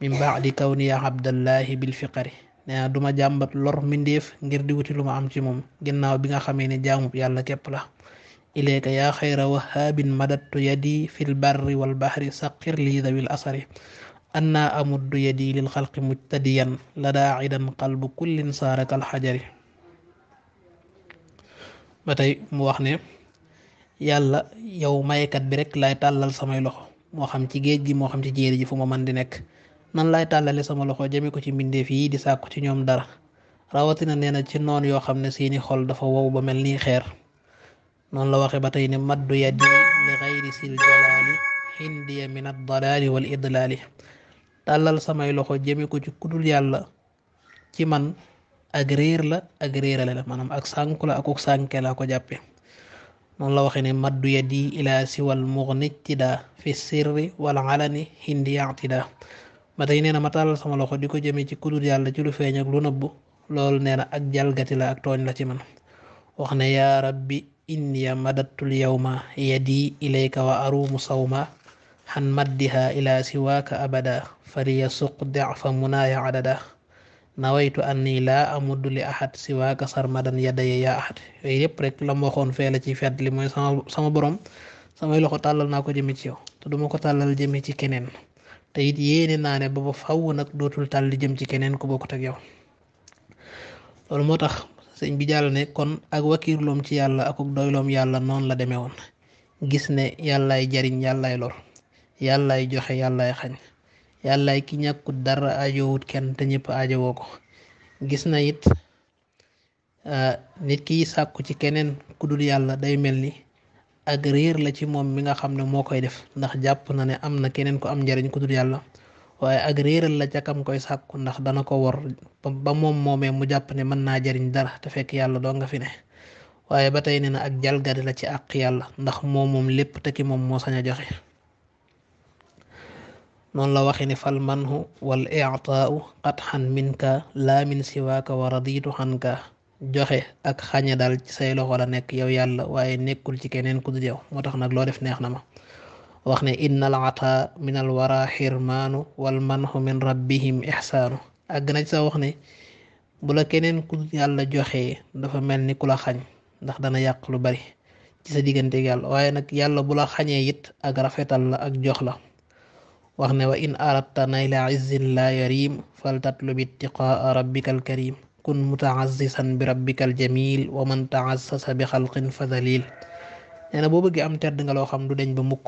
A: min baadi kawni ya abdallahi bilfiqari nee na duma jàmbat lor mbindéef ngir di wuti lu ma am ci moom ginnaaw bi nga xamee ne jaamub yàlla képp la ilayka yaa xayra wahaabin madattu yadi fi lbarri walbahri saqir lii dawil asari annaa amuddu yadi lil xalqi mujtadiyan la daacidan qalbu kullin saara kal xajari ba tey mu wax ne yàlla yow maykat bi rek laay tàllal samay loxo moo xam ci géej gi moo xam ci jéeri ji fu ma man di nekk nan laay tàllale sama loxo jëme ko ci mbindeef yi di sàkku ci ñoom dara rawatina nee ci noon yoo xam ne seeni xol dafa wow ba mel nii xeer noonu la waxe ba tey ne maddu yadi li xayri sil jalaali xindiya min ad dalaali wal idlaali tàllal samay loxo jëme ko ci kudul yàlla ci man ak la ak la maanaam ak sànku la akuk sànke laa ko jàppe noonu la waxe ne maddu yadi ila siwal mughni ictidaa fi sirri wal alani xindiya ictidaa ba tey nee na ma tàllal sama loxo di ko jëme ci kudul yàlla ci lu feeñ ak lu nëbbu loolu nee ak jalgati la ak tooñ la ci man wax yaa rabbi إني مددت اليوم يدي إليك وأروم صوما عن مدها إلى سواك أبدا فليسق ضعف مناي عددا nawaytu anni laa amuddu ahad si sarmadan yaddaye yaa ahad yooyu rek la ma waxoon fee la ci fedd li sama borom samay loxo tàllal naa ko jëme ci yow duma ko tàllal jëme ci kenen te it yéene naa ne ba ba faw nag dootul tàll jëm ci keneen ku bokkut ak yow loolu moo tax sëñ bi jàll ne kon ak wakiir loom ci yàlla akuk doyloom yàlla noonu la demee woon gis ne yàllaay jariñ yàllaay lor yàllaay joxe yàllaay xañ yàllaay ki ñàkkut dara ajowut kenn te ñëpp ajowoo ko gis na it nit kiy sàkku ci keneen ku dul yàlla day mel ni ak réer la ci moom mi nga xam ne moo koy def ndax jàpp na ne am na keneen ku am njariñ ku dul yàlla waaye ak réeral la ca kam koy sàkku ndax dana ko wor ba moom moomee mu jàpp ne mën naa jariñ dara te fekk yàlla doo nga fi ne waaye ba tey nee na ak jalgati la ci àq yàlla ndax moom moom lépp te ki moom moo sañ a joxe noonu la waxee ni fal manhu wal i'taa'u qatxan minka laa min siwaaka wa raditu xanka joxe ak xañe daal ci say loxo nekk yow yàlla waaye nekkul ci keneen ku dul moo tax nag loo def neex na ma wax ne inna al ata min al wara xirmaanu wal manhu min rabbihim ixsaanu àgg na ci sa wax ne bu la keneen ku yàlla joxee dafa mel ni ku la xañ ndax dana yàq lu bari ci sa diggante yàlla waaye nag yàlla bu la xañee it ak rafetal la ak jox la wax ne wa in aradta nayla izzin la yarim fal tatlub ittiqaa rabbika al karim kun mutaazisan bi rabbika al jamil wa man taazasa bi xalqin fa dalil nee na boo bëggee am tedd nga loo xam du deñ ba mukk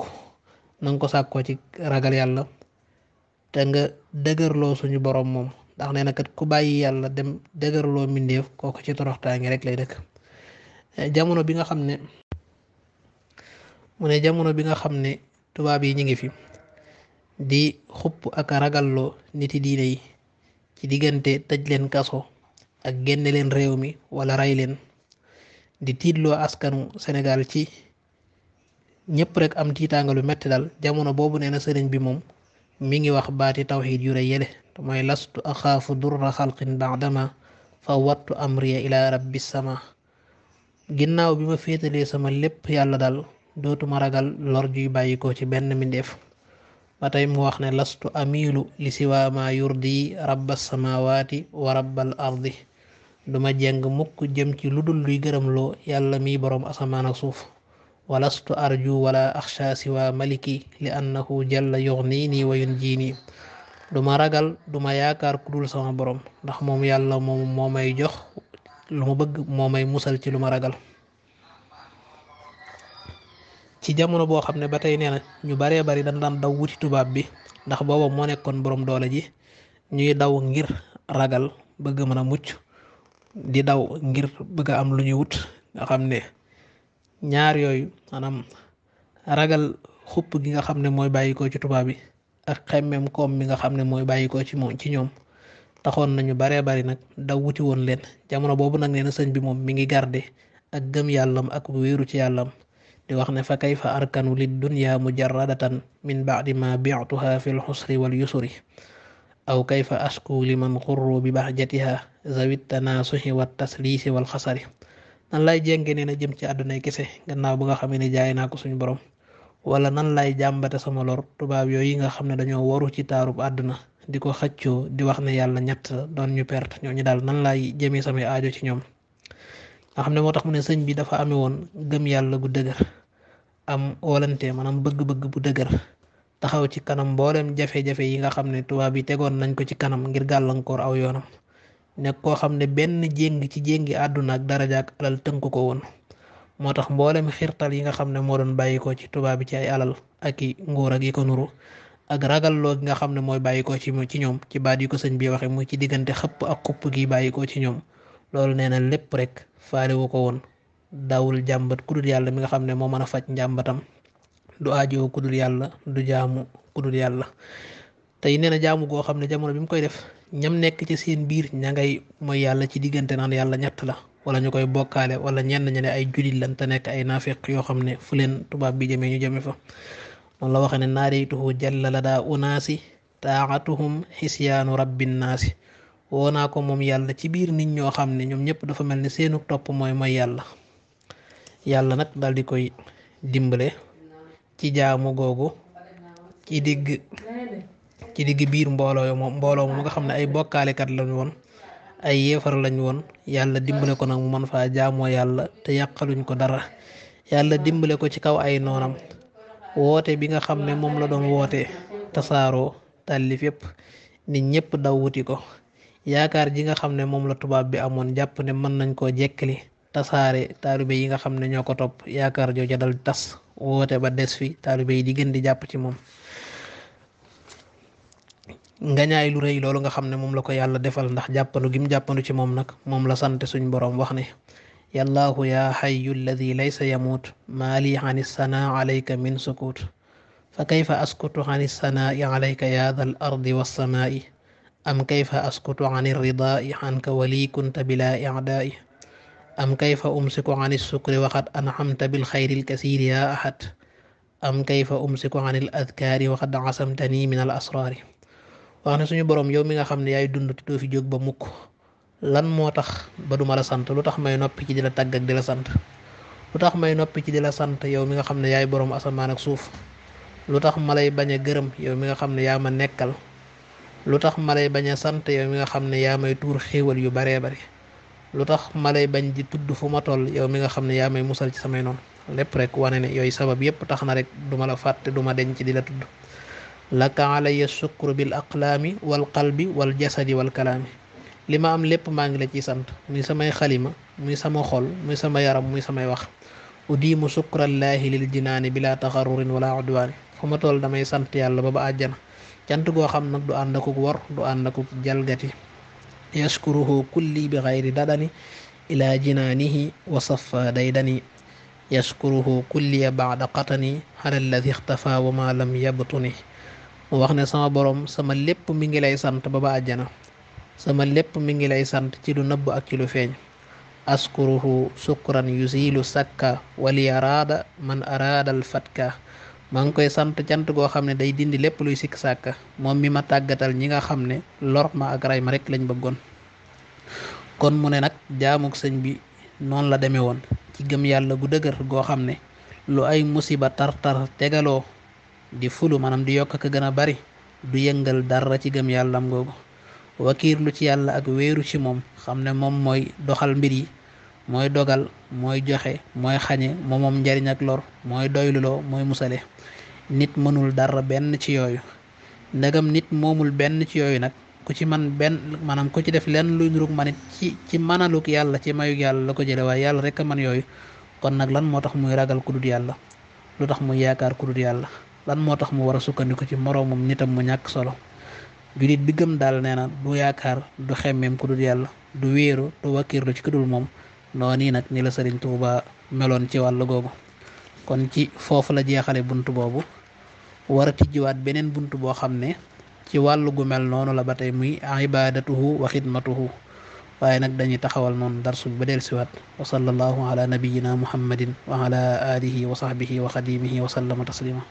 A: na nga ko sàkkoo ci ragal yàlla te nga dëgërloo suñu boroom moom ndax nee na ku bàyyi yàlla dem dëgërloo mbindeef kooku ci toroxtaange rek lay rekk jamono bi nga xam ne mu ne jamono bi nga xam ne tubaab yi ñu ngi fi di xupp ak ragalloo niti diine yi ci diggante tëj leen kaso ak génne leen réew mi walla rey leen di tiitloo askanu Sénégal ci ñëpp rek am tiitaanga lu metti dal jamono boobu nee na sëriñ bi moom mi ngi wax baati tawxiid yu rëy yële mooy lastu axaafu durra baax dama fa wattu amriya ila rabbi sama ginnaaw bi ma féetalee sama lépp yàlla dal dootuma ragal lor juy bàyyi ci benn mbindeef ba tey mu wax ne lastu amiilu li siwaa ma yurdi rabba samawaati wa rabbal ardi duma jeng mukk jëm ci lu dul luy gërëm loo yàlla mi boroom asamaan ak suuf wala ولست أرجو ولا أخشى سوى ملكي لأنه جل يغنيني وينجيني duma ragal duma yaakaar ku dul sama borom ndax moom yàlla moom moo may jox lu bëgg moo may musal ci lu ma ragal ci jamono boo xam ne ba tey nee na ñu baree bari dañ daan daw wuti tubaab bi ndax booba moo nekkoon borom doole ji ñuy daw ngir ragal bëgg mën a mucc di daw ngir bëgg a am lu ñuy wut nga xam ne ñaar yooyu maanaam ragal xupp gi nga xam ne mooy bàyyikoo ci tubaab bi ak xemmem koom mi nga xam ne mooy bàyyikoo ci moom ci ñoom taxoon nañu baree bari nag daw wuti woon leen jamono boobu nag nee na sëñ bi moom mi ngi garde ak gëm yàllam ak wéeru ci yàllam di wax ne fa kay kayfa arkanu lid dunya mujarradatan min ba'di ma bi'tuha fi lxusri wal yusri aw kayfa asku liman xurru bi baxjatiha zawit tanasuhi wat tasliisi wal xasari nan lay jénge nee na jëm ci àddunay kese gannaaw bu nga xam ne jaay naa ko suñu borom wala nan lay jàmbate sama lor tubaab yooyu nga xam ne dañoo waru ci taarub àdduna di ko xëccoo di wax ne yàlla ñett doon ñu perte ñooñu daal nan lay jëmee samay aajo ci ñoom nga xam ne moo tax mu ne sëñ bi dafa amee woon gëm yàlla gu dëgër am wolante maanaam bëgg-bëgg bu dëgër taxaw ci kanam mboolem jafe-jafe yi nga xam ne tubaab yi tegoon nañ ko ci kanam ngir gàllankoor aw yoonam nekk koo xam ne benn jéng ci jéngi àdduna ak daraja ak alal tënku ko woon moo tax mboolem xirtal yi nga xam ne moo doon bàyyi ci tubaab bi ci ay alal ak i nguur ak yi ko nuru ak ragal loo gi nga xam ne mooy bàyyi ko ci ci ñoom ci baat yi ko sëñ bi waxe mu ci diggante xëpp ak xupp gi bàyyi ko ci ñoom loolu nee na lépp rek faale ko woon dawul jàmbat kudul yàlla mi nga xam ne moo mën a faj njàmbatam du aajoo kudul yàlla du jaamu kudul yàlla tey nee na jaamu goo xam ne jamono bi mu koy def ñam nekk ci seen biir ña ngay mooy yàlla ci diggante naan yàlla ñett la wala ñu koy bokkaale wala ñenn ña ay julit lan te nekk ay naafeq yoo xam ne fu leen tubaab bi jëmee ñu jëme fa noonu la waxe ne naareytuhu jalla la daa unaasi taatuhum xisyaanu rabbin naasi woo naa ko moom yàlla ci biir nit ñoo xam ne ñoom ñëpp dafa mel ni seenu topp mooy mooy yàlla yàlla nag daal di koy dimbale ci jaamu ci digg biir mbooloo yo moom mbooloo moom nga xam ne ay bokkaalekat lañu woon ay yeefar lañu woon yàlla dimbale ko nag mu mën faa jaamoo yàlla te yàqaluñ ko dara yàlla dimbale ko ci kaw ay noonam woote bi nga xam ne moom la doon woote tasaaroo tàlli fépp nit ñëpp daw wuti ko yaakaar ji nga xam ne moom la tubaab bi amoon jàpp ne mën nañ koo jekkali tasaare taalibe yi nga xam ne ñoo ko topp yaakaar jooja dal tas woote ba des fi taalibe yi di gën di jàpp ci moom ngañaay lu rëy loolu nga xam ne moom la ko yàlla defal ndax jàppandu gim jàppandu ci moom nag moom la sant suñ boroom wax ne yallaahu yaa xayu alladi laysa yamuut maa lii an issanaa alayka min sukuut fa kayfa askutu an issanaai alayka yaa dal ardi wassamaai am kayfa askutu an irridaai anka walii kunta bilaa idaai am kayfa umsiku an issukri waxat anxamta bilxayri lkasiiri yaa axad am kayfa umsiku an al adkaari waxat asamtani min al asraari wax ne suñu borom yow mi nga xam ne yaay dund te doo fi jóg ba mukk lan moo tax ba du ma la sant lu tax may noppi ci di la tàgg ak di la sant lu tax may noppi ci di la sant yow mi nga xam ne yaay borom asamaan ak suuf lu tax ma lay bañ a gërëm yow mi nga xam ne yaa ma nekkal lu tax ma lay bañ a sant yow mi nga xam ne yaa may tuur xéewal yu baree bari lu tax ma lay bañ di tudd fu ma toll yow mi nga xam ne yaa may musal ci samay noonu lépp rek wane ne yooyu sabab yépp tax na rek duma la fàtte duma denc di la tudd laka alaya sukru bil aqlaami wal qalbi wal wal kalaami li ma am lépp maa ngi la ciy sant muy samay xalima muy sama xol muy sama yaram muy samay wax udiimu sukrallaahi lil jinaani bila taxarurin wala udwaani sant yàlla ba ba àjjana cant goo xam nag du ànd akuk wor du ànd akuk jalgati yaskuruhu kulli bi xayri dadani ila jinaanihi wa safa daydani yaskuruhu kulliya baada qatani ala alladi ixtafa lam yabtuni mu wax ne sama boroom sama lépp mi ngi lay sant ba ba àjjana sama lépp mi ngi lay sant ci lu nëbb ak ci lu feeñ askuruhu sukran yusilu sakka wali araada man araadal fatka maa ngi koy sant cant goo xam ne day dindi lépp luy sikk sàkka moom mi ma tàggatal ñi nga xam ne lor ma ak ray ma rek lañ bëggoon kon mu ne nag jaamuk sëñ bi noonu la demee woon ci gëm yàlla bu dëgër goo xam ne lu ay musiba tar tar tegaloo di fulu maanaam di yokk ak gën a bari du yëngal dara ci gëm yàllam googu lu ci yàlla ak weeru ci moom xam ne moom mooy doxal mbir yi mooy dogal mooy joxe mooy xañe moomoom njariñ ak lor mooy doyluloo mooy musale nit mënul dara benn ci yooyu ndegam nit moomul benn ci yooyu nag ku ci man benn maanaam ku ci def lenn luy nurug manit ci ci manaluk yàlla ci mayug yàlla la ko jële waaye yàlla rek a man yooyu kon nag lan moo tax muy ragal ku dul yàlla yàlla lan moo tax mu war a sukkandiku ci moroomum nitam mu ñàkk solo jullit bi gëm daal nee na du yaakaar du xemmeem ku dul yàlla du wéeru du wakkiirlu ci ku dul moom noonu nag ni la Sëriñ Tuuba meloon ci wàll googu kon ci foofu la jeexale bunt boobu war a tijjiwaat beneen bunt boo xam ne ci wàllu gu mel noonu la ba tey muy ibaadatuhu wa xidmatuhu waaye nag dañuy taxawal noonu darsu bi ba del siwaat wa sallallahu ala nabiyina muhammadin wa ala alihi wa sahbihi wa xadimihi wa sallama taslima